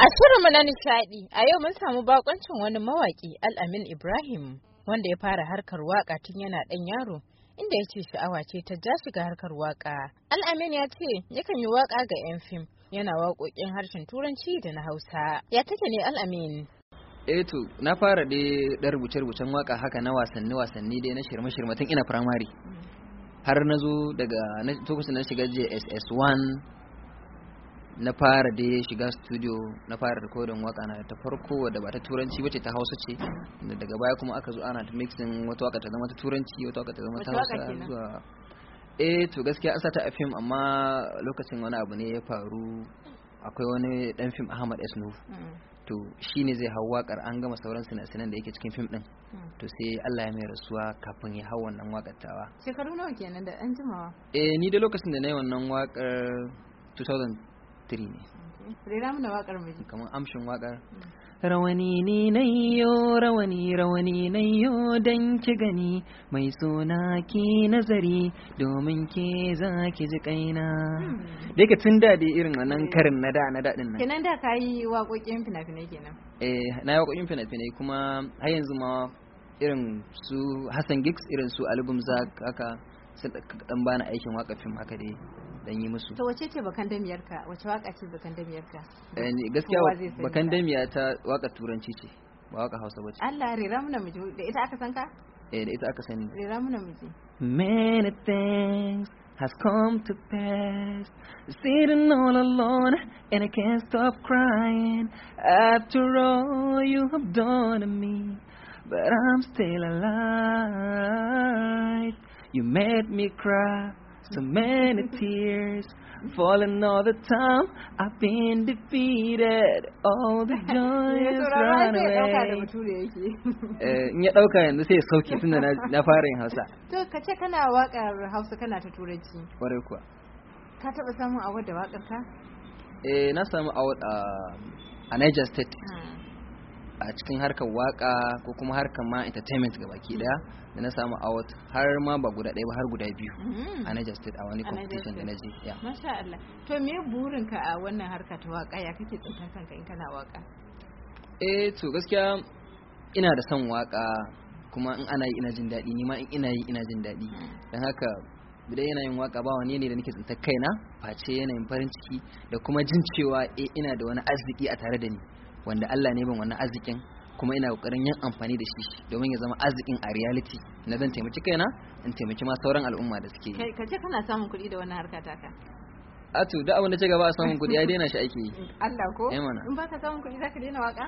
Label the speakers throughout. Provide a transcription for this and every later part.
Speaker 1: A shirinmu na nishadi a yau mun samu bakoncin wani mawaki Al'amin Ibrahim wanda ya fara harkar waka tun yana ɗan yaro inda ya ce sha'awa ce ta ja shiga harkar waka. Al'amin ya ce yakan yi waka ga 'yan fim yana waƙoƙin harshen turanci da na Hausa. Ya take ne Al'amin?
Speaker 2: Eh to na fara dai ɗan rubuce-rubucen waka haka na wasanni-wasanni dai na shirme-shirme tun ina firamare. Mm. Har nazo zo daga lokacin na shiga JSS 1 na fara da ya shiga studio na fara recording waka na ta farko wadda ba ta turanci bace ta hausa ce daga baya kuma aka zo ana ta mixing wata waka ta zama ta turanci wata waka ta zama ta hausa zuwa eh to gaskiya asa ta a fim amma lokacin wani abu ne ya faru akwai wani dan fim Ahmad S Nuf mm. to shine zai hau wakar an gama sauran sinasinan da yake cikin fim din mm. to sai Allah ya mai rasuwa kafin ya hau wannan wakar tawa
Speaker 1: shekaru nawa kenan da an jimawa
Speaker 2: eh ni da lokacin da na yi wannan wakar 2000 3 ne
Speaker 1: rera mana wakar miji
Speaker 2: kamar amshin wakar hmm. rawani na nayyo rawani rawani nayyo don ki gani mai suna ki nazari domin ke za ki ji kaina hmm. da yake tun daɗi irin wannan karin na da na dadin nan
Speaker 1: kenan da ka yi waƙoƙin fina-finai kenan
Speaker 2: eh na yi waƙoƙin fina-finai kuma har yanzu ma irin su Hassan Giggs irin su Alibum Zak haka sun ɗan bani aikin waƙafin haka dai dan yi musu to
Speaker 1: wace ce wace waka ce
Speaker 2: eh gaskiya ta waka turanci ce ba waka Hausa bace
Speaker 1: Allah namiji da ita aka san ka
Speaker 2: eh da ita aka sani namiji many things has come to pass. Sitting all alone, and I can't stop crying. After all you have done to me, but I'm still alive. You made me cry. So many tears falling all the time. I've been defeated. All the joy eh, is run away. In ya dauka yanzu sai sauki tunda na fara yin Hausa.
Speaker 1: To ka ce kana waƙar Hausa kana ta Turanci. Kwarai kuwa. Ka taɓa samun award da waƙar ka?
Speaker 2: Eh na samu award a Niger State. Hmm. a cikin harkar waka ko kuma harkar ma entertainment ga baki daya da na samu out har ma ba guda ɗaya ba har guda biyu mm. a Niger State a wani competition da na je ya
Speaker 1: masha Allah to me burin ka a wannan harka ta waka ya kake tsintar kanka in kana waka
Speaker 2: eh to gaskiya ina da son waka kuma in ana yi ina jin daɗi ni ma in ina yi ina jin daɗi mm. don haka yana yanayin waka ba wani ne da nake tsintar kaina face yanayin farin ciki da kuma jin cewa eh ina da wani arziki a tare da ni wanda Allah ne ban wannan arzikin kuma ina kokarin yin amfani da shi domin ya zama arzikin a reality na zan taimaki kaina in taimaki ma sauran al'umma da suke kai
Speaker 1: kaje kana samun kuɗi da wannan harka taka
Speaker 2: a to da abin da ce gaba a samun kuɗi ya daina shi ake yi
Speaker 1: Allah ko eh in ba ka samun kuɗi zaka daina waka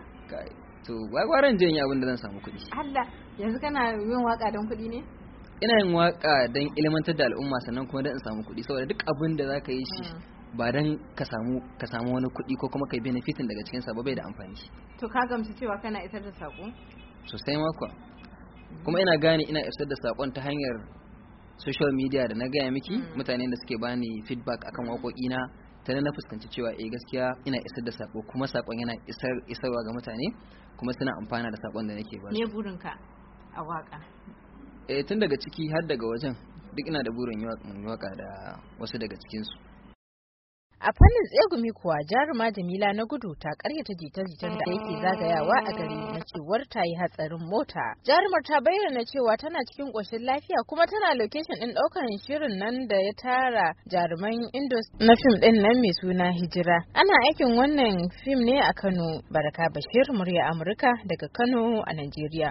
Speaker 2: to gwagwaran je yi abin da zan samu kuɗi
Speaker 1: Allah yanzu kana yin waka don kuɗi ne
Speaker 2: ina yin waka don ilmantar da al'umma sannan kuma don in samu kuɗi saboda duk abin da zaka yi shi mm. ba don ka samu ka samu wani kuɗi ko kuma kai benefitin daga cikin sa ba bai da amfani
Speaker 1: to ka gamsu cewa kana isar da sako
Speaker 2: sosai mako kuma ina gane ina isar da sakon ta hanyar social media da na gaya miki mm. mutane da suke bani feedback akan waƙoƙina ta na fuskanci cewa eh gaskiya ina isar da sako kuma sakon yana isar isarwa ga mutane kuma suna amfana da sakon da nake ba me
Speaker 1: burinka a waka
Speaker 2: eh tun daga ciki har daga wajen duk ina da burin yi waka da wasu daga cikinsu
Speaker 1: A fannin tsegumi kuwa jaruma Jamila na gudu ta karyata jita-jitan da yake zagayawa a gari na cewar ta yi hatsarin mota. Jarumar ta bayyana cewa tana cikin ƙoshin lafiya kuma tana location ɗin ɗaukan shirin nan da ya tara jaruman Indus na fim ɗin nan mai suna Hijira. Ana aikin wannan fim ne a Kano. Baraka Bashir murya Amurka daga Kano a Najeriya.